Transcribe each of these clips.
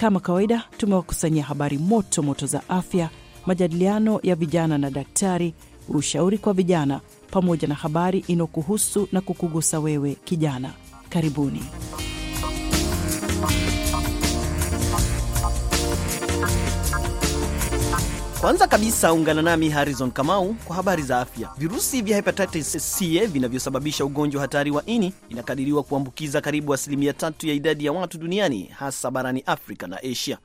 Kama kawaida, tumewakusanyia habari moto moto za afya, majadiliano ya vijana na daktari, ushauri kwa vijana, pamoja na habari inayokuhusu na kukugusa wewe kijana. Karibuni. Kwanza kabisa ungana nami Harrison Kamau kwa habari za afya. Virusi vya hepatitis C vinavyosababisha ugonjwa hatari wa ini inakadiriwa kuambukiza karibu asilimia tatu ya idadi ya watu duniani, hasa barani Afrika na Asia.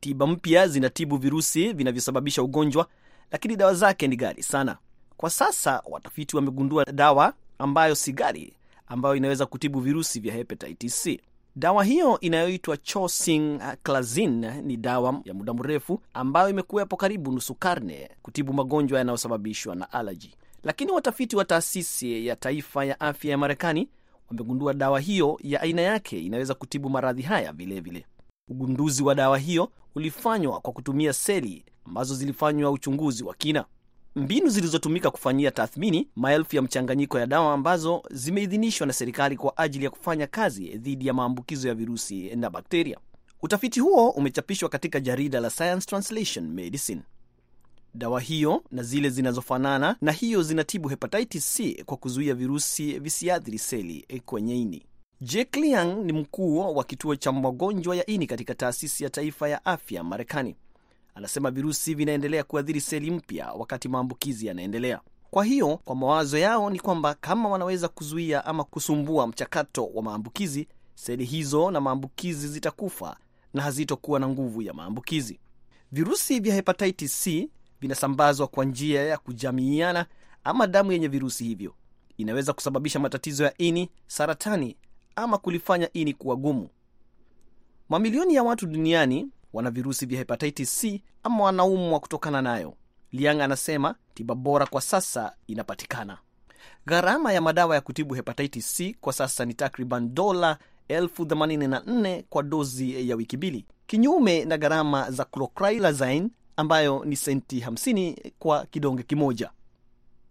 Tiba mpya zinatibu virusi vinavyosababisha ugonjwa, lakini dawa zake ni ghali sana. Kwa sasa watafiti wamegundua dawa ambayo si ghali, ambayo inaweza kutibu virusi vya hepatitis C. Dawa hiyo inayoitwa chosin Clazin ni dawa ya muda mrefu ambayo imekuwepo karibu nusu karne kutibu magonjwa yanayosababishwa na alaji, lakini watafiti wa taasisi ya taifa ya afya ya Marekani wamegundua dawa hiyo ya aina yake inaweza kutibu maradhi haya vilevile vile. Ugunduzi wa dawa hiyo ulifanywa kwa kutumia seli ambazo zilifanywa uchunguzi wa kina mbinu zilizotumika kufanyia tathmini maelfu ya mchanganyiko ya dawa ambazo zimeidhinishwa na serikali kwa ajili ya kufanya kazi dhidi ya maambukizo ya virusi na bakteria. Utafiti huo umechapishwa katika jarida la Science Translation Medicine. Dawa hiyo na zile zinazofanana na hiyo zinatibu hepatitis C kwa kuzuia virusi visiathiri seli kwenye ini. Jake Liang ni mkuu wa kituo cha magonjwa ya ini katika taasisi ya taifa ya afya Marekani. Anasema virusi vinaendelea kuathiri seli mpya wakati maambukizi yanaendelea. Kwa hiyo kwa mawazo yao ni kwamba kama wanaweza kuzuia ama kusumbua mchakato wa maambukizi, seli hizo na maambukizi zitakufa na hazitokuwa na nguvu ya maambukizi. Virusi vya hepatitis C vinasambazwa kwa njia ya kujamiiana ama damu yenye virusi hivyo. Inaweza kusababisha matatizo ya ini, saratani ama kulifanya ini kuwa gumu. Mamilioni ya watu duniani wana virusi vya hepatitis C ama wanaumwa kutokana nayo. Liang anasema tiba bora kwa sasa inapatikana. Gharama ya madawa ya kutibu hepatitis C kwa sasa ni takriban dola 84 kwa dozi ya wiki mbili, kinyume na gharama za chlorotrilazine ambayo ni senti 50 kwa kidonge kimoja.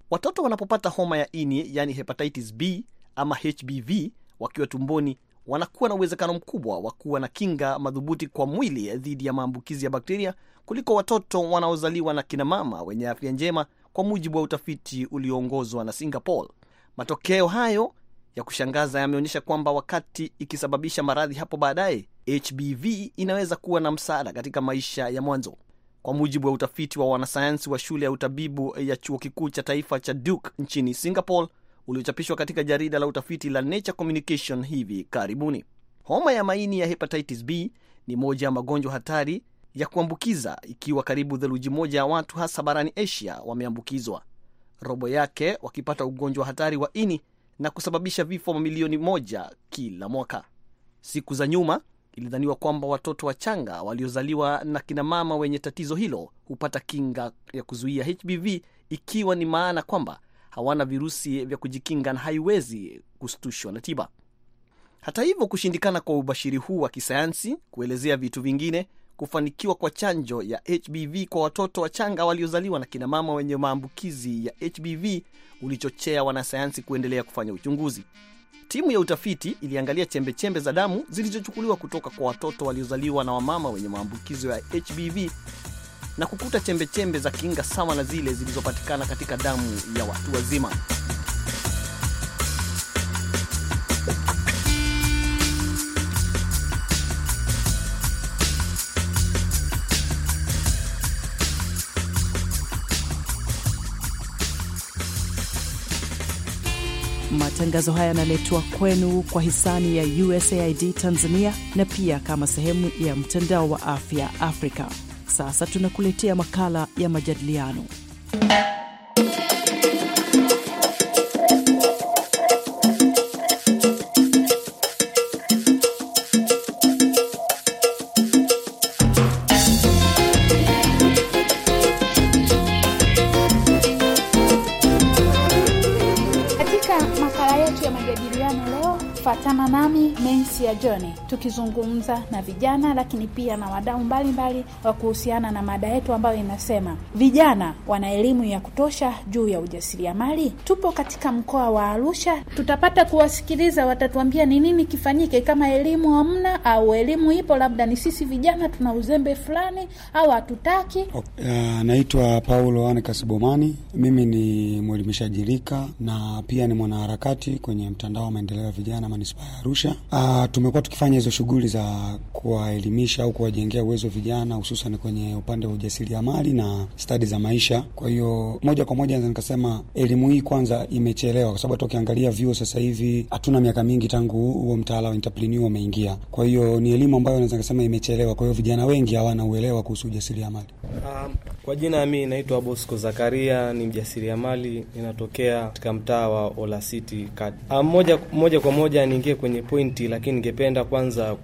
Watoto wanapopata homa ya ini, yani hepatitis B ama HBV, wakiwa tumboni, wanakuwa na uwezekano mkubwa wa kuwa na kinga madhubuti kwa mwili dhidi ya maambukizi ya bakteria kuliko watoto wanaozaliwa na kinamama wenye afya njema, kwa mujibu wa utafiti ulioongozwa na Singapore. Matokeo hayo ya kushangaza yameonyesha kwamba wakati ikisababisha maradhi hapo baadaye, HBV inaweza kuwa na msaada katika maisha ya mwanzo. Kwa mujibu wa utafiti wa wanasayansi wa shule ya utabibu ya chuo kikuu cha taifa cha Duke nchini Singapore, uliochapishwa katika jarida la utafiti la Nature Communication hivi karibuni. Homa ya maini ya hepatitis B ni moja ya magonjwa hatari ya kuambukiza, ikiwa karibu theluji moja ya watu hasa barani Asia wameambukizwa, robo yake wakipata ugonjwa hatari wa ini na kusababisha vifo mamilioni moja kila mwaka. Siku za nyuma ilidhaniwa kwamba watoto wachanga waliozaliwa na kinamama wenye tatizo hilo hupata kinga ya kuzuia HBV, ikiwa ni maana kwamba hawana virusi vya kujikinga na haiwezi kustushwa na tiba. Hata hivyo, kushindikana kwa ubashiri huu wa kisayansi kuelezea vitu vingine kufanikiwa kwa chanjo ya HBV kwa watoto wachanga waliozaliwa na kinamama wenye maambukizi ya HBV ulichochea wanasayansi kuendelea kufanya uchunguzi. Timu ya utafiti iliangalia chembechembe za damu zilizochukuliwa kutoka kwa watoto waliozaliwa na wamama wenye maambukizo ya HBV na kukuta chembechembe za kinga sawa na zile zilizopatikana katika damu ya watu wazima. Matangazo haya yanaletwa kwenu kwa hisani ya USAID Tanzania na pia kama sehemu ya mtandao wa afya Afrika. Sasa tunakuletea makala ya majadiliano Ungana nami Mensi ya John tukizungumza na vijana, lakini pia na wadau mbalimbali wa kuhusiana na mada yetu ambayo inasema vijana wana elimu ya kutosha juu ya ujasiriamali. Tupo katika mkoa wa Arusha, tutapata kuwasikiliza, watatuambia ni nini kifanyike, kama elimu hamna au elimu ipo, labda ni sisi vijana tuna uzembe fulani au hatutaki. Uh, naitwa Paulo Anekas mimi ni mwelimishaji rika na pia ni mwanaharakati kwenye mtandao wa maendeleo ya vijana manispaa Arusha. Uh, tumekuwa tukifanya hizo shughuli za kuwaelimisha au kuwajengea uwezo vijana, hususan kwenye upande wa ujasiriamali na stadi za maisha. Kwa hiyo moja kwa moja nikasema elimu hii kwanza imechelewa, kwa sababu hata ukiangalia vyuo sasa hivi hatuna miaka mingi tangu huo mtaala wa entrepreneur umeingia. Kwa hiyo ni elimu ambayo naweza nikasema imechelewa, kwa hiyo vijana wengi hawana uelewa kuhusu ujasiriamali. Um, kwa jina mi naitwa Bosco Zakaria, ni mjasiriamali, ninatokea katika mtaa wa Ola City. Um, moja, moja kwa moja niingie kwenye pointi, lakini ningependa kwanza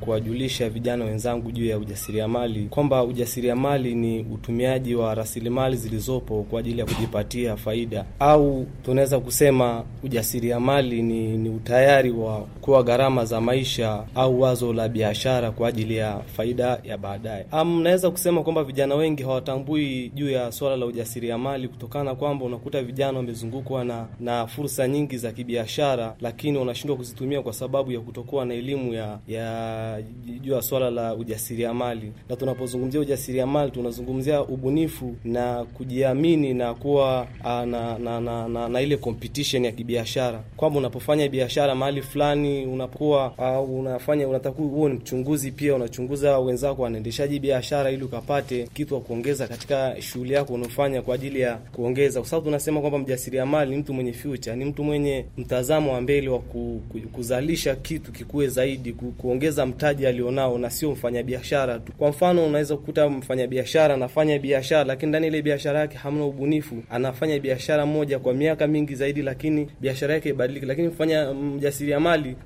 kuwajulisha vijana wenzangu juu ya ujasiriamali kwamba ujasiriamali ni utumiaji wa rasilimali zilizopo kwa ajili ya kujipatia faida, au tunaweza kusema ujasiriamali ni, ni utayari wa kuwa gharama za maisha au wazo la biashara kwa ajili ya faida ya baadaye. Naweza kusema kwamba vijana wengi hawatambui juu ya swala la ujasiriamali kutokana kwamba unakuta vijana wamezungukwa na, na fursa nyingi za kibiashara, lakini wanashindwa kuzitumia Tanzania kwa sababu ya kutokuwa na elimu ya, ya juu ya swala la ujasiriamali, na tunapozungumzia ujasiriamali tunazungumzia ubunifu na kujiamini na kuwa na, ah, na, na, na, na, na ile competition ya kibiashara kwamba unapofanya biashara mahali fulani unakuwa uh, ah, unafanya unataka huo ni mchunguzi pia, unachunguza wenzako wanaendeshaji biashara ili ukapate kitu wa kuongeza katika shughuli yako unaofanya kwa ajili ya kuongeza, kwa sababu tunasema kwamba mjasiriamali ni mtu mwenye future, ni mtu mwenye mtazamo wa mbele wa ku, ku, ku kuzalisha kitu kikuwe zaidi, kuongeza mtaji alionao na sio mfanyabiashara tu. Kwa mfano, unaweza kukuta mfanyabiashara anafanya biashara, lakini ndani ile biashara yake hamna ubunifu. Anafanya biashara moja kwa miaka mingi zaidi, lakini biashara yake ibadiliki. Lakini mfanya mjasiriamali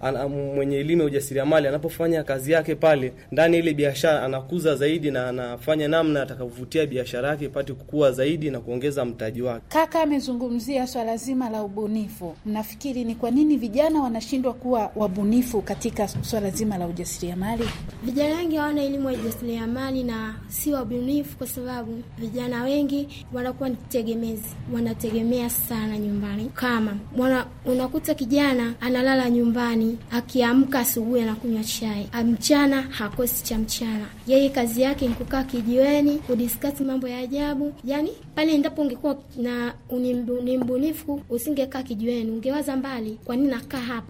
mwenye elimu ya ujasiriamali anapofanya kazi yake pale ndani ile biashara, anakuza zaidi na anafanya namna atakavutia biashara yake ipate kukua zaidi na kuongeza mtaji wake. Kaka amezungumzia swala zima la ubunifu. Mnafikiri ni kwa nini vijana wanashindwa kuwa kuwa wabunifu katika swala zima la ujasiriamali? Vijana wengi hawana elimu ya ujasiriamali na si wabunifu, kwa sababu vijana wengi wanakuwa ni tegemezi, wanategemea sana nyumbani. Kama wana, unakuta kijana analala nyumbani, akiamka asubuhi anakunywa chai, mchana hakosi cha mchana. Yeye kazi yake ni kukaa kijiweni kudiskasi mambo ya ajabu. Yani pale endapo ungekuwa na ni mbunifu usingekaa kijiweni, ungewaza mbali, kwa nini nakaa hapa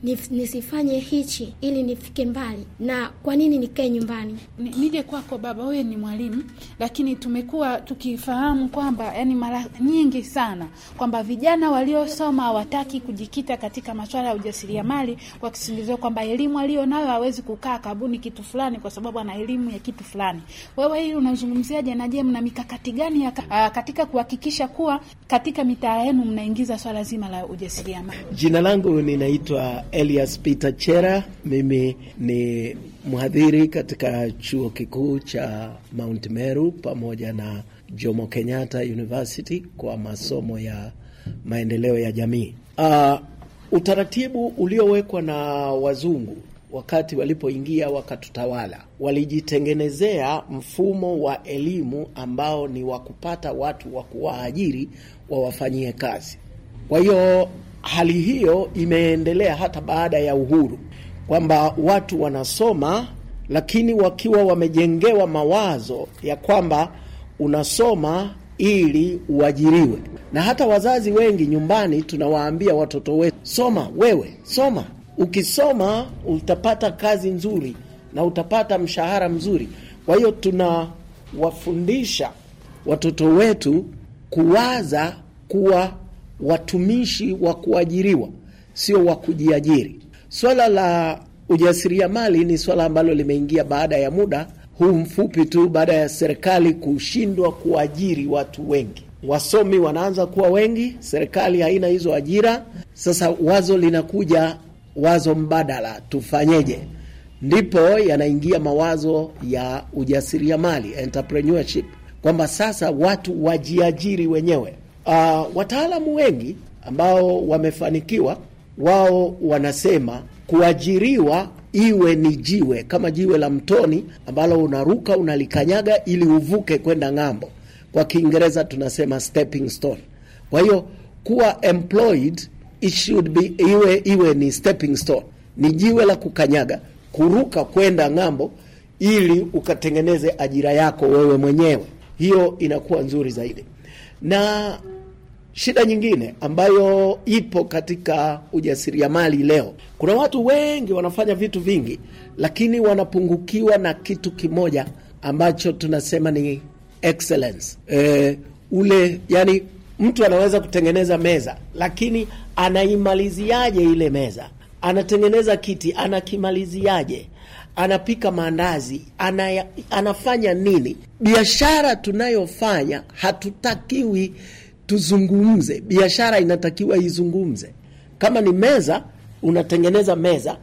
nisifanye hichi ili nifike mbali, na kwa nini nikae nyumbani? Nije kwako baba, wewe ni mwalimu, lakini tumekuwa tukifahamu kwamba yani mara nyingi sana kwamba vijana waliosoma hawataki kujikita katika masuala ya ujasiriamali, wakisingizia kwamba elimu aliyonayo hawezi kukaa kabuni kitu fulani kwa sababu ana elimu ya kitu fulani. Wewe hili unazungumziaje, na je, mna mikakati gani ya katika kuhakikisha kuwa katika mitaa yenu mnaingiza swala zima la ujasiriamali? Jina langu ninaitwa Elias Peter Chera. Mimi ni mhadhiri katika chuo kikuu cha Mount Meru pamoja na Jomo Kenyatta University kwa masomo ya maendeleo ya jamii. Uh, utaratibu uliowekwa na wazungu wakati walipoingia wakatutawala, walijitengenezea mfumo wa elimu ambao ni wa kupata watu wa kuwaajiri wawafanyie kazi. Kwa hiyo hali hiyo imeendelea hata baada ya uhuru, kwamba watu wanasoma lakini wakiwa wamejengewa mawazo ya kwamba unasoma ili uajiriwe. Na hata wazazi wengi nyumbani tunawaambia watoto wetu, soma wewe, soma. Ukisoma utapata kazi nzuri na utapata mshahara mzuri. Kwa hiyo tunawafundisha watoto wetu kuwaza kuwa watumishi wa kuajiriwa, sio wa kujiajiri. Swala la ujasiriamali ni swala ambalo limeingia baada ya muda huu mfupi tu, baada ya serikali kushindwa kuajiri watu wengi. Wasomi wanaanza kuwa wengi, serikali haina hizo ajira. Sasa wazo linakuja, wazo mbadala, tufanyeje? Ndipo yanaingia mawazo ya ujasiriamali, entrepreneurship, kwamba sasa watu wajiajiri wenyewe. Uh, wataalamu wengi ambao wamefanikiwa wao wanasema kuajiriwa iwe ni jiwe kama jiwe la mtoni ambalo unaruka unalikanyaga ili uvuke kwenda ng'ambo. Kwa Kiingereza tunasema stepping stone. Kwa hiyo kuwa employed it should be iwe, iwe ni stepping stone, ni jiwe la kukanyaga kuruka kwenda ng'ambo ili ukatengeneze ajira yako wewe mwenyewe. Hiyo inakuwa nzuri zaidi na Shida nyingine ambayo ipo katika ujasiriamali leo, kuna watu wengi wanafanya vitu vingi, lakini wanapungukiwa na kitu kimoja ambacho tunasema ni excellence. E, ule yani, mtu anaweza kutengeneza meza, lakini anaimaliziaje ile meza? Anatengeneza kiti, anakimaliziaje? Anapika maandazi, anaya, anafanya nini? Biashara tunayofanya hatutakiwi tuzungumze. Biashara inatakiwa izungumze. Kama ni meza, unatengeneza meza,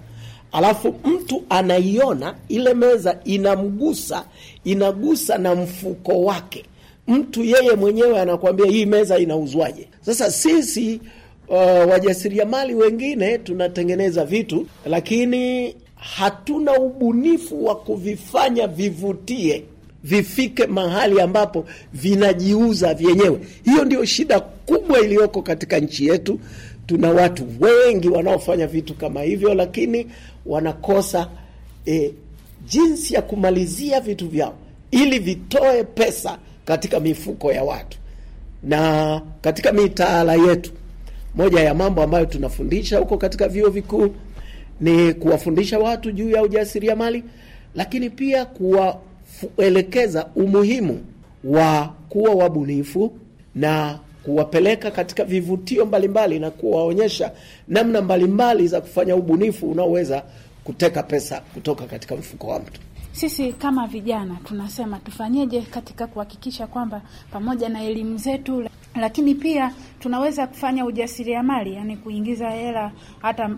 alafu mtu anaiona ile meza inamgusa, inagusa na mfuko wake mtu yeye mwenyewe anakuambia hii meza inauzwaje? Sasa sisi uh, wajasiriamali wengine tunatengeneza vitu lakini hatuna ubunifu wa kuvifanya vivutie vifike mahali ambapo vinajiuza vyenyewe. Hiyo ndio shida kubwa iliyoko katika nchi yetu. Tuna watu wengi wanaofanya vitu kama hivyo, lakini wanakosa e, jinsi ya kumalizia vitu vyao ili vitoe pesa katika mifuko ya watu. Na katika mitaala yetu, moja ya mambo ambayo tunafundisha huko katika vyuo vikuu ni kuwafundisha watu juu ya ujasiriamali, lakini pia kuwa kuelekeza umuhimu wa kuwa wabunifu na kuwapeleka katika vivutio mbalimbali na kuwaonyesha namna mbalimbali za kufanya ubunifu unaoweza kuteka pesa kutoka katika mfuko wa mtu sisi kama vijana tunasema tufanyeje katika kuhakikisha kwamba pamoja na elimu zetu, lakini pia tunaweza kufanya ujasiriamali, yani kuingiza hela hata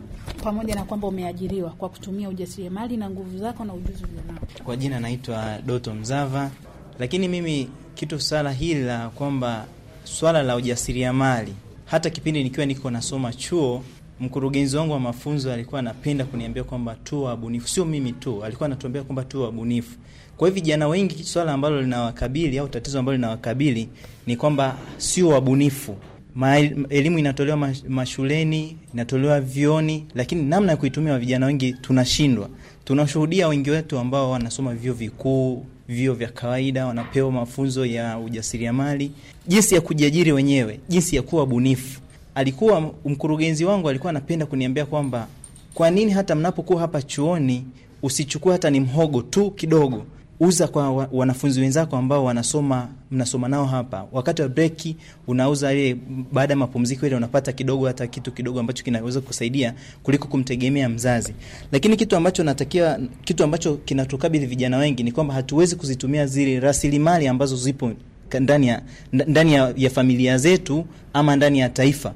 pamoja na kwamba umeajiriwa, kwa kutumia ujasiriamali na nguvu zako na ujuzi ulionao. Kwa jina naitwa Doto Mzava, lakini mimi kitu swala hili la kwamba swala la ujasiriamali, hata kipindi nikiwa niko nasoma chuo mkurugenzi wangu wa mafunzo alikuwa anapenda kuniambia kwamba tu wabunifu, sio mimi tu, alikuwa anatuambia kwamba tu wabunifu. Kwa hiyo vijana wengi, swala ambalo linawakabili au tatizo ambalo linawakabili ni kwamba sio wabunifu. Ma, elimu inatolewa mashuleni, inatolewa vyoni, lakini namna ya kuitumia vijana wengi tunashindwa. Tunashuhudia wengi wetu ambao wanasoma vyuo vikuu, vyuo vya kawaida, wanapewa mafunzo ya ujasiriamali, jinsi ya kujiajiri wenyewe, jinsi ya kuwa bunifu alikuwa mkurugenzi wangu alikuwa anapenda kuniambia kwamba kwa nini hata mnapokuwa hapa chuoni usichukue hata ni mhogo tu kidogo, uza kwa wanafunzi wenzako ambao wanasoma mnasoma nao hapa. Wakati wa breki unauza ile, baada ya mapumziko ile unapata kidogo, hata kitu kidogo ambacho kinaweza kusaidia kuliko kumtegemea mzazi. Lakini kitu ambacho natakia, kitu ambacho kinatukabili vijana wengi ni kwamba hatuwezi kuzitumia zile rasilimali ambazo zipo ndani ya, ndani ya, ya familia zetu ama ndani ya taifa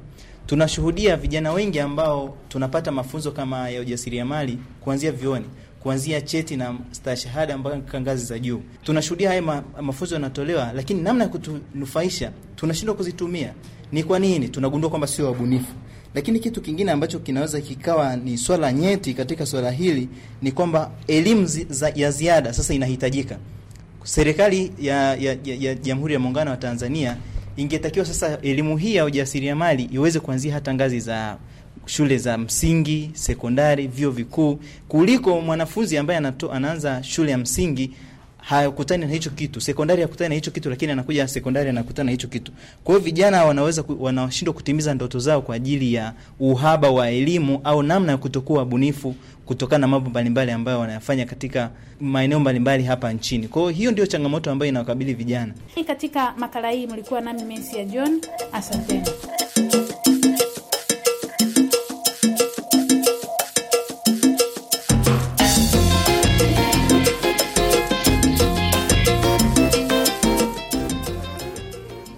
tunashuhudia vijana wengi ambao tunapata mafunzo kama ya ujasiriamali kuanzia vyuoni, kuanzia cheti na stashahada mpaka ngazi za juu. Tunashuhudia haya ma, mafunzo yanatolewa, lakini namna ya kutunufaisha tunashindwa kuzitumia. Ni kwa nini? Tunagundua kwamba sio wabunifu. Lakini kitu kingine ambacho kinaweza kikawa ni swala nyeti katika swala hili ni kwamba elimu za, ya ziada sasa inahitajika. Serikali ya Jamhuri ya, ya, ya, ya Muungano wa Tanzania ingetakiwa sasa elimu hii ya ujasiriamali iweze kuanzia hata ngazi za shule za msingi, sekondari, vyuo vikuu, kuliko mwanafunzi ambaye anaanza shule ya msingi hayakutani na hicho kitu, sekondari hakutani na hicho kitu, lakini anakuja sekondari anakutana na hicho kitu. Kwa hiyo vijana wanaweza wanashindwa kutimiza ndoto zao kwa ajili ya uhaba wa elimu au namna ya kutokuwa bunifu kutokana na mambo mbalimbali ambayo wanayafanya katika maeneo mbalimbali hapa nchini. Kwa hiyo hiyo ndio changamoto ambayo inawakabili vijana. Katika makala hii mlikuwa nami Mensi ya John, asanteni.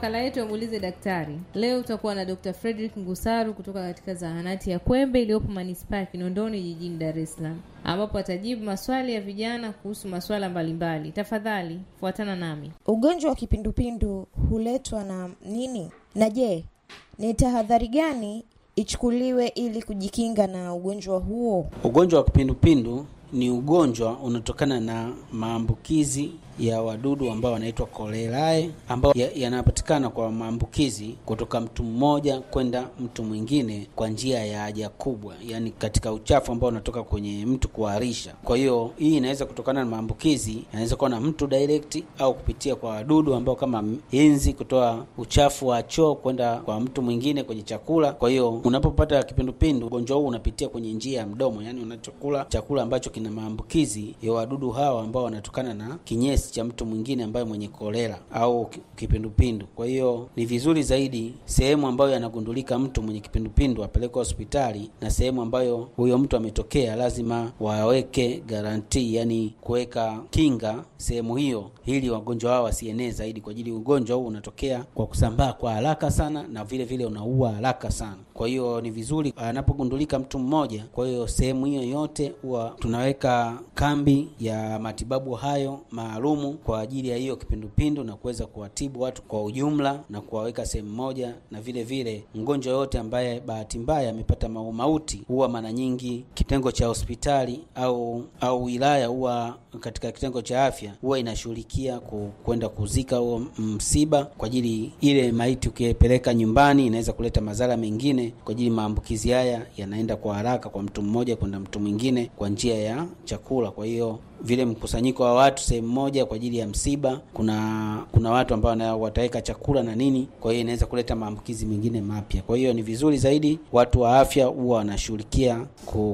makala yetu ya muulize daktari, leo utakuwa na Dr. Frederick Ngusaru kutoka katika zahanati ya Kwembe iliyopo manispaa ya Kinondoni jijini Dar es Salaam, ambapo atajibu maswali ya vijana kuhusu masuala mbalimbali. Tafadhali fuatana nami. Ugonjwa wa kipindupindu huletwa na nini, na je, ni tahadhari gani ichukuliwe ili kujikinga na ugonjwa huo? Ugonjwa wa kipindupindu ni ugonjwa unatokana na maambukizi ya wadudu ambao wanaitwa kolerae ambao yanapatikana ya kwa maambukizi kutoka mtu mmoja kwenda mtu mwingine kwa njia ya haja kubwa, yani katika uchafu ambao unatoka kwenye mtu kuharisha. Kwa hiyo hii inaweza kutokana na maambukizi, yanaweza kuwa na mtu direct au kupitia kwa wadudu ambao kama inzi kutoa uchafu wa choo kwenda kwa mtu mwingine kwenye chakula. Kwa hiyo unapopata kipindupindu, ugonjwa huu unapitia kwenye njia ya mdomo, yani unachokula chakula ambacho kina maambukizi ya wadudu hawa ambao wanatokana na kinyesi kiasi cha mtu mwingine ambaye mwenye kolera au kipindupindu. Kwa hiyo ni vizuri zaidi sehemu ambayo yanagundulika mtu mwenye kipindupindu apelekwe hospitali, na sehemu ambayo huyo mtu ametokea lazima waweke garantii, yani kuweka kinga sehemu hiyo, ili wagonjwa hao wasienee zaidi, kwa ajili ugonjwa huu unatokea kwa kusambaa kwa haraka sana na vile vile unaua haraka sana. Kwa hiyo ni vizuri eh, anapogundulika mtu mmoja, kwa hiyo sehemu hiyo yote huwa tunaweka kambi ya matibabu hayo maalumu kwa ajili ya hiyo kipindupindu na kuweza kuwatibu watu kwa ujumla na kuwaweka sehemu moja, na vile vile mgonjwa yote ambaye bahati mbaya amepata maumauti huwa mara nyingi kitengo cha hospitali au au wilaya huwa katika kitengo cha afya huwa inashughulikia kwenda kuzika huo msiba, kwa ajili ile maiti ukipeleka nyumbani inaweza kuleta madhara mengine kwa ajili maambukizi haya yanaenda kwa haraka kwa mtu mmoja kwenda mtu mwingine kwa njia ya chakula. Kwa hiyo vile mkusanyiko wa watu sehemu moja kwa ajili ya msiba. Kuna kuna watu ambao wataweka chakula na nini, kwa hiyo inaweza kuleta maambukizi mengine mapya. Kwa hiyo ni vizuri zaidi watu wa afya huwa wanashughulikia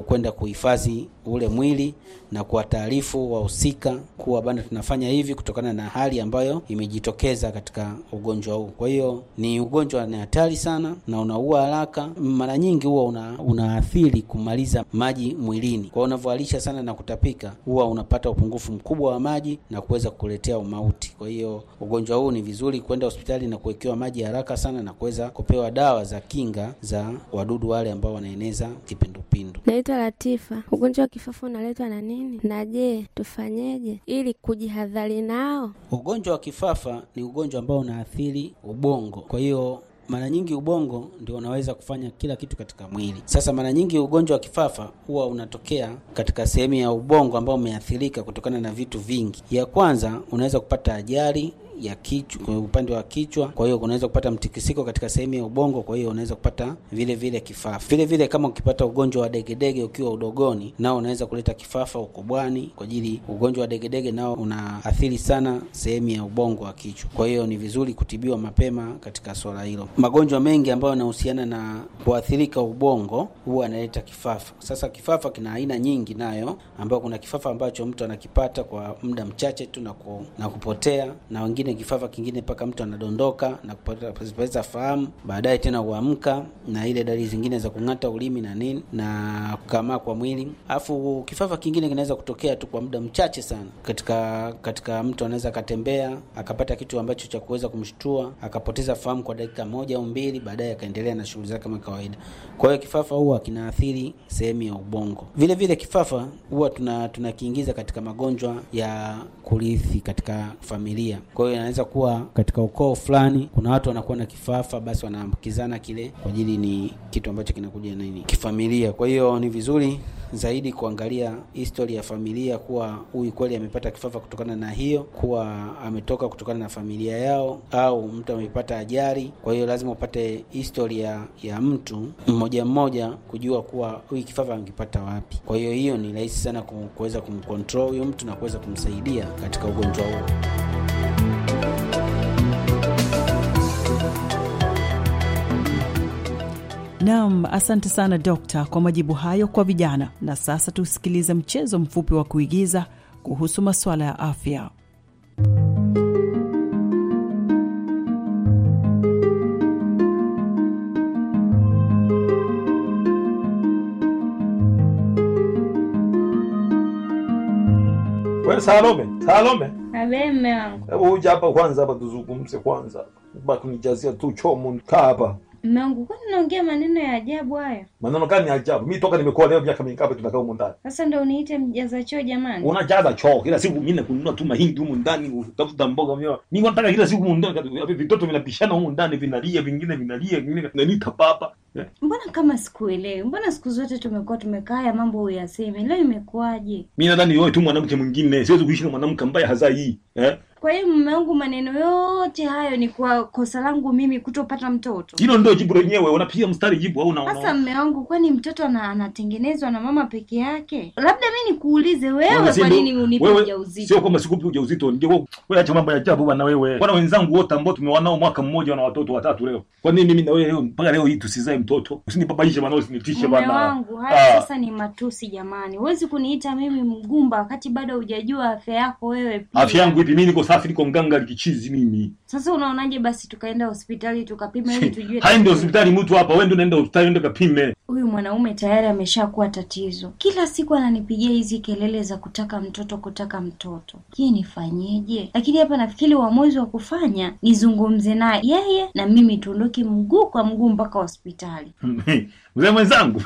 kwenda kuhifadhi ule mwili na kuwataarifu wahusika kuwa bana, tunafanya hivi kutokana na hali ambayo imejitokeza katika ugonjwa huu. Kwa hiyo ni ugonjwa ni hatari sana na unaua haraka, mara nyingi huwa una, unaathiri kumaliza maji mwilini. Kwa hiyo unavyoalisha sana na kutapika huwa unapata kupata upungufu mkubwa wa maji na kuweza kuletea umauti. Kwa hiyo ugonjwa huu ni vizuri kwenda hospitali na kuwekewa maji haraka sana na kuweza kupewa dawa za kinga za wadudu wale ambao wanaeneza kipindupindu. Naitwa Latifa. Ugonjwa wa kifafa unaletwa na nini, na je, tufanyeje ili kujihadhari nao? Ugonjwa wa kifafa ni ugonjwa ambao unaathiri ubongo, kwa hiyo mara nyingi ubongo ndio unaweza kufanya kila kitu katika mwili. Sasa mara nyingi ugonjwa wa kifafa huwa unatokea katika sehemu ya ubongo ambao umeathirika kutokana na vitu vingi. Ya kwanza, unaweza kupata ajali ya kichwa, upande wa kichwa. Kwa hiyo unaweza kupata mtikisiko katika sehemu ya ubongo, kwa hiyo unaweza kupata vile vile kifafa. Vile vile kama ukipata ugonjwa wa degedege ukiwa udogoni, nao unaweza kuleta kifafa ukubwani, kwa ajili ugonjwa wa degedege nao unaathiri sana sehemu ya ubongo wa kichwa. Kwa hiyo ni vizuri kutibiwa mapema katika swala hilo. Magonjwa mengi ambayo yanahusiana na kuathirika ubongo huwa analeta kifafa. Sasa kifafa kina aina nyingi nayo, ambayo kuna kifafa ambacho mtu anakipata kwa muda mchache tu na, na kupotea na wengine kingine kifafa kingine mpaka mtu anadondoka na kupoteza fahamu, baadaye tena kuamka na ile dalili zingine za kung'ata ulimi na nini na kukamaa kwa mwili. Afu kifafa kingine kinaweza kutokea tu kwa muda mchache sana katika katika mtu anaweza akatembea akapata kitu ambacho cha kuweza kumshtua akapoteza fahamu kwa dakika moja au mbili, baadaye akaendelea na shughuli zake kama kawaida. Kwa hiyo kifafa huwa kinaathiri sehemu ya ubongo. Vile vile kifafa huwa tunakiingiza tuna katika magonjwa ya kurithi katika familia, kwa hiyo inaweza kuwa katika ukoo fulani, kuna watu wanakuwa na kifafa, basi wanaambukizana kile, kwa ajili ni kitu ambacho kinakuja nini kifamilia. Kwa hiyo ni vizuri zaidi kuangalia histori ya familia, kuwa huyu kweli amepata kifafa kutokana na hiyo, kuwa ametoka kutokana na familia yao, au mtu amepata ajali. Kwa hiyo lazima upate history ya, ya mtu mmoja mmoja kujua kuwa huyu kifafa amekipata wapi. Kwa hiyo hiyo ni rahisi sana kuweza kumcontrol huyu mtu na kuweza kumsaidia katika ugonjwa huo. Naam, asante sana dokta kwa majibu hayo kwa vijana. Na sasa tusikilize mchezo mfupi wa kuigiza kuhusu masuala ya afya. Salome, Salome. Abe mme wangu. Hebu uja hapa kwanza hapa tuzungumze kwanza. Baki nijazia tu chomo kaa hapa. Mangu, kwani unaongea maneno ya ajabu haya? Maneno gani ya ajabu? Mimi toka nimekuwa leo miaka mingapi tunakaa huko ndani. Sasa ndio uniite mjaza choo jamani. Unajaza choo kila siku mimi nakununua tu mahindi huko ndani, utafuta mboga mimi. Mimi nataka kila siku vitoto vinapishana huko ndani vinalia, vingine vinalia, vingine papa. Yeah. Mbona kama sikuelewi? Mbona siku zote tumekuwa tumekaa mambo uyaseme. Leo imekuwaje? Mimi nadhani tu mwanamke mwingine, siwezi kuishi na mwanamke ambaye hazai hii. Eh? Kwa hiyo mume wangu, maneno yote hayo ni kwa kosa langu mimi kutopata mtoto. Hilo ndio jibu lenyewe, unapiga mstari jibu au unaona? Sasa mume wangu, kwani mtoto anatengenezwa na mama peke yake? Labda mimi nikuulize wewe, kwa nini unipe ujauzito? Sio kwamba sikupi ujauzito, acha mambo ya ajabu bwana wewe. Bwana wenzangu wote ambao tumewanao mwaka mmoja na watoto watatu leo, kwa nini mimi na wewe leo mpaka leo hii tusizae mtoto? Usinibabaishe bwana, usinitishe bwana. Mume wangu, haya ah. sasa ni matusi jamani. Huwezi kuniita mimi mgumba wakati bado hujajua afya yako wewe pia. Afya yangu ipi mimi niko safiri kwa mganga likichizi mimi. Sasa unaonaje basi tukaenda hospitali tukapima ili tujue. Haendi hospitali mtu hapa, wewe ndio unaenda hospitali ndio kapime huyu mwanaume tayari ameshakuwa tatizo. Kila siku ananipigia hizi kelele za kutaka mtoto, kutaka mtoto. Je, nifanyeje? Lakini hapa nafikiri uamuzi wa kufanya nizungumze naye yeye na mimi, tuondoke mguu kwa mguu mpaka hospitali. Mzee mwenzangu,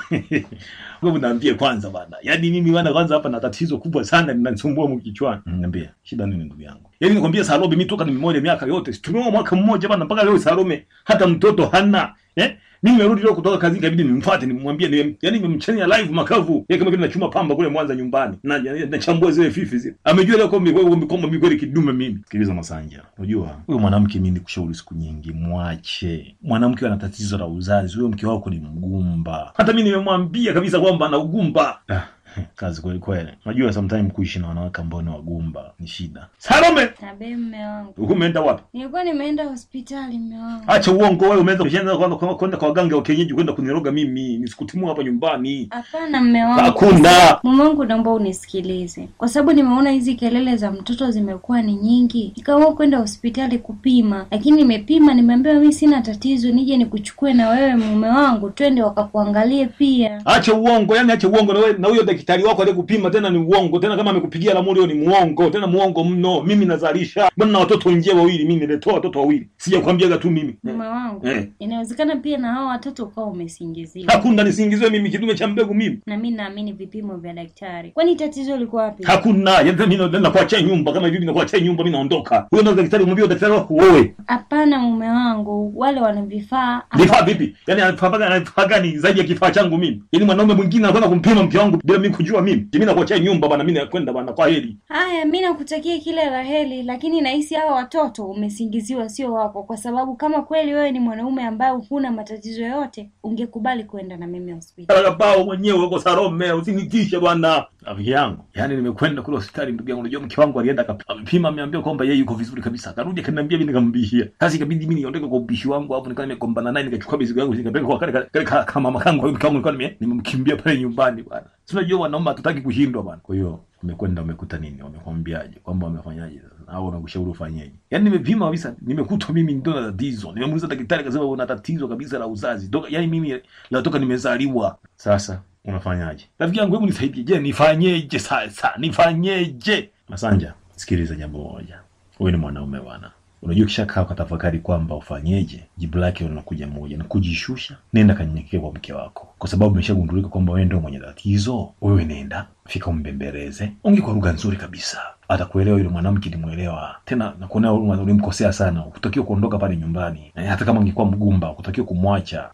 naambie kwanza bana, yaani mimi bana, kwanza hapa na tatizo kubwa sana linanisumbua mkichwani. Niambia shida nini, ndugu yangu? Yaani nikwambia, Salome, mimi toka nimemoja miaka yote, situmia mwaka mmoja bana mpaka leo Salome hata mtoto hana eh? mimi nimerudi leo kutoka kazini, kabidi nimfuate nimwambie ni, yani nimemchania live makavu yeye, kama vile nachuma pamba kule Mwanza nyumbani na nachambua zile fifi zile. Amejua leo kwamba kwamba mimi kweli kidume mimi. Sikiliza Masanja, unajua huyo mwanamke mimi nikushauri siku nyingi, mwache mwanamke. Ana tatizo la uzazi, huyo mke wako ni mgumba. Hata mimi nimemwambia kabisa kwamba ana ugumba ah. kazi kweli kweli. Unajua sometime kuishi na wanawake ambao ni wagumba ni shida. Salome. Tabe mume wangu. Uko umeenda wapi? Nilikuwa nimeenda hospitali mume wangu. Acha uongo wewe umeenda kwenda kwenda kwa waganga wa kienyeji kwenda kuniroga mimi, nisikutimua hapa nyumbani. Hapana mume wangu. Hakuna. Mume wangu naomba unisikilize. Kwa sababu nimeona hizi kelele za mtoto zimekuwa ni nyingi. Nikaamua kwenda hospitali kupima. Lakini nimepima nimeambiwa mimi sina tatizo, nije nikuchukue na wewe mume wangu twende wakakuangalie pia. Acha uongo, yani acha uongo na wewe na huyo daktari wako kupima tena ni uongo, tena kama amekupigia lamuri hiyo ni muongo, tena muongo mno. Mimi nazalisha mbona na watoto wenyewe wawili, mimi nilitoa watoto wawili, sijakwambiaga tu mimi mume wangu eh. Inawezekana pia na hao watoto ukawa umesingizia. Hakuna nisingiziwe mimi, kidume cha mbegu mimi, na mimi naamini vipimo vya daktari. Kwani tatizo liko wapi? Hakuna yaani, mimi nakuachia nyumba kama hivi, mimi nakuachia nyumba, mimi naondoka. Huyo ndio daktari, umwambie daktari wako wewe Hapana mume wangu, wale wana vifaa. Vifaa vipi? yani anafaa gani zaidi ya kifaa changu mimi? Yaani mwanaume mwingine anakwenda kumpima mke wangu bila mimi kujua mimi. mi nakuachia nyumba bana, mi nakwenda bana, kwa heli Haya, mi nakutakia kila la heli lakini nahisi hawa watoto umesingiziwa, sio wako, kwa sababu kama kweli wewe ni mwanaume ambaye huna matatizo yoyote, ungekubali kwenda na mimi hospitalibao mwenyewe uko Sarome, usinitishe bwana. Rafiki yangu, yani nimekwenda kule hospitali, ndugu yangu, unajua mke wangu alienda akapima, ameambia kwamba yeye yuko vizuri kabisa, akarudi akaniambia mimi, nikambishia kazi, ikabidi mimi niondoke kwa ubishi wangu, hapo nikaa nimegombana naye, nikachukua mizigo yangu nikapeka kwa kale kama mama yangu kangu, nilikuwa nimemkimbia pale nyumbani bwana, si wanaume hatutaki kushindwa bana. Kwa hiyo umekwenda umekuta nini? Wamekwambiaje kwamba wamefanyaje sasa, au wamekushauri ufanyeje? Yaani nimevima kabisa, nimekutwa mimi ndio na tatizo. Nimemuuliza daktari akasema una tatizo kabisa la uzazi. Toka yaani mimi natoka nimezaliwa. Sasa unafanyaje? Rafiki yangu, hebu nisaidie. Je, nifanyeje sasa? Nifanyeje? Masanja, sikiliza jambo moja. Huyu ni mwanaume bana Unajua, ukishakaa ukatafakari kwamba ufanyeje, jibu lake unakuja moja na kujishusha. Nenda kanyenyekee kwa mke wako, kwa sababu umeshagundulika kwamba wewe ndio mwenye tatizo. Wewe nenda fika, umbembeleze, ongi kwa lugha nzuri kabisa, atakuelewa yule mwanamke, nimwelewa tena. Nakuonea ulimkosea sana, ukutakiwa kuondoka pale nyumbani, hata kama ungekuwa mgumba, ukutakiwa kumwacha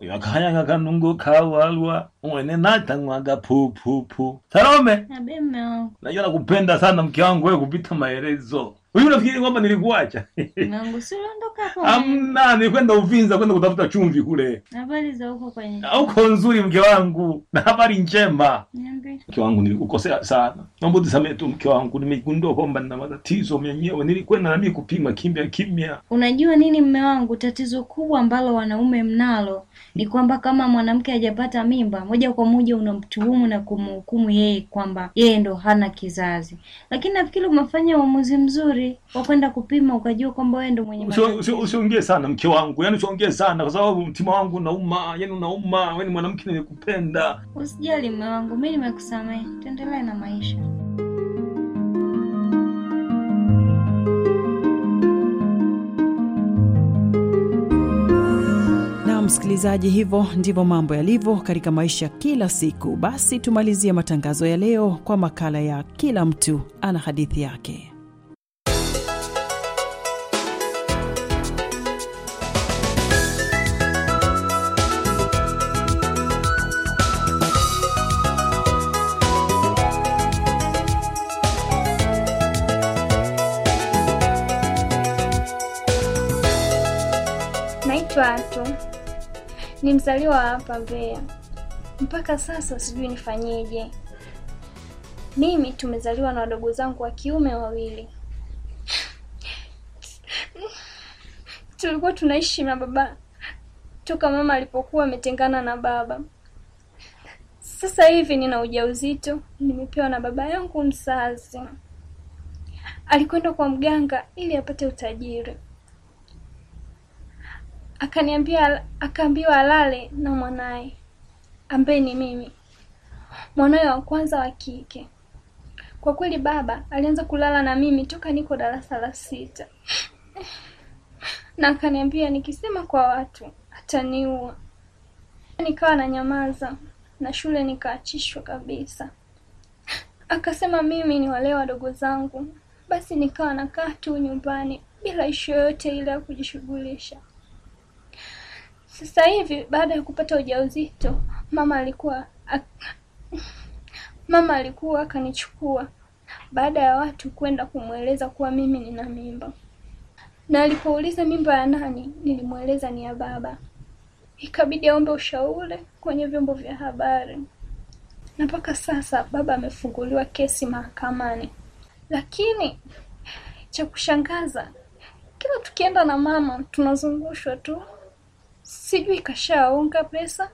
uyu akanya kakanungu kawalwa mwene natangwa gapupupu salome nabe mume sana mke wangu kupita maherezo wewe unafikiri kwamba nilikuacha? Nangu si ondoka hapo. Amna, nilikwenda Uvinza kwenda kutafuta chumvi kule. Habari za huko kwenye. Huko nzuri mke wangu. Na habari njema. Niambie. Mke wangu nilikukosea sana. Naomba unisamehe tu mke wangu. Nimegundua kwamba nina matatizo mwenyewe. Nilikwenda na mimi kupima kimya kimya. Unajua nini mme wangu, tatizo kubwa ambalo wanaume mnalo ni kwamba kama mwanamke hajapata mimba, moja kwa moja unamtuhumu na kumhukumu yeye kwamba yeye ndo hana kizazi. Lakini nafikiri umefanya uamuzi mzuri ushauri wa kwenda kupima ukajua kwamba wewe ndio mwenye matatizo. Usiongee sana mke wangu, yani usiongee sana kwa sababu mtima wangu unauma, yani unauma. Wewe ni mwanamke nilikupenda. Usijali mume wangu, mimi nimekusamehe, tuendelee na maisha. Msikilizaji, hivyo ndivyo mambo yalivyo katika maisha kila siku. Basi tumalizie matangazo ya leo kwa makala ya kila mtu ana hadithi yake. Naitwa ni mzaliwa hapa Mbeya. Mpaka sasa sijui nifanyeje. Mimi tumezaliwa na wadogo zangu wa kiume wawili, tulikuwa tunaishi na baba toka mama alipokuwa ametengana na baba. Sasa hivi nina ujauzito, nimepewa na baba yangu mzazi. Alikwenda kwa mganga ili apate utajiri akaniambia akaambiwa alale na mwanaye ambaye ni mimi, mwanaye wa kwanza wa kike. Kwa kweli baba alianza kulala na mimi toka niko darasa la sita na akaniambia nikisema kwa watu ataniua. Nikawa na nyamaza na shule nikaachishwa kabisa. Akasema mimi ni wale wadogo zangu, basi nikawa nakaa tu nyumbani bila ishu yoyote ile ya kujishughulisha. Sasa hivi baada ya kupata ujauzito, mama alikuwa ak... mama alikuwa akanichukua baada ya watu kwenda kumweleza kuwa mimi nina mimba, na alipouliza mimba ya nani, nilimweleza ni ya baba. Ikabidi aombe ushauri kwenye vyombo vya habari, na mpaka sasa baba amefunguliwa kesi mahakamani. Lakini cha kushangaza, kila tukienda na mama tunazungushwa tu sijui kashaonga pesa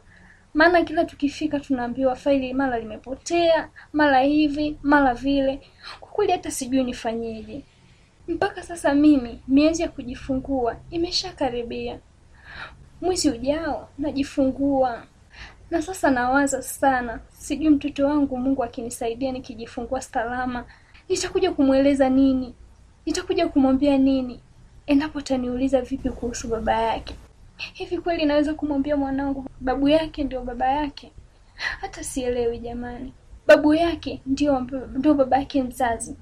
maana kila tukifika tunaambiwa faili mara limepotea mara hivi mara vile kwa kweli hata sijui nifanyeje mpaka sasa mimi miezi ya kujifungua imeshakaribia mwezi ujao najifungua na sasa nawaza sana sijui mtoto wangu mungu akinisaidia nikijifungua salama nitakuja kumweleza nini nitakuja kumwambia nini endapo taniuliza vipi kuhusu baba yake Hivi kweli naweza kumwambia mwanangu babu yake ndio baba yake? Hata sielewi jamani. Babu yake ndio ndio baba yake mzazi.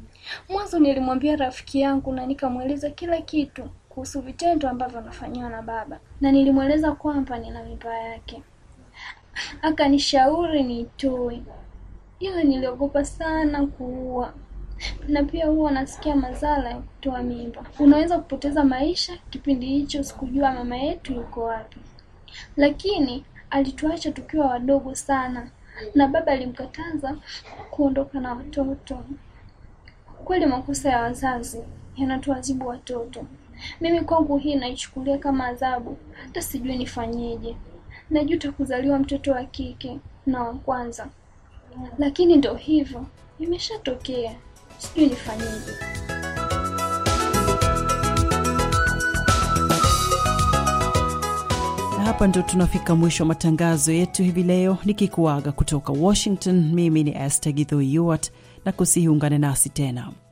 Mwanzo nilimwambia rafiki yangu na nikamweleza kila kitu kuhusu vitendo ambavyo anafanyiwa na baba, na nilimweleza kwamba nina mimba yake. Akanishauri niitoe, ila niliogopa sana kuua na pia huwa nasikia madhara ya kutoa mimba. Unaweza kupoteza maisha. Kipindi hicho sikujua mama yetu yuko wapi, lakini alituacha tukiwa wadogo sana, na baba alimkataza kuondoka na watoto. Kweli makosa ya wazazi yanatuadhibu watoto. Mimi kwangu hii naichukulia kama adhabu, hata sijui nifanyeje. Najuta kuzaliwa mtoto wa kike na wa kwanza, lakini ndo hivyo imeshatokea sijui nifanyeje. hapa ndio tunafika mwisho wa matangazo yetu hivi leo, nikikuaga kutoka Washington. Mimi ni este Githo Yuart, na kusihi ungane nasi tena.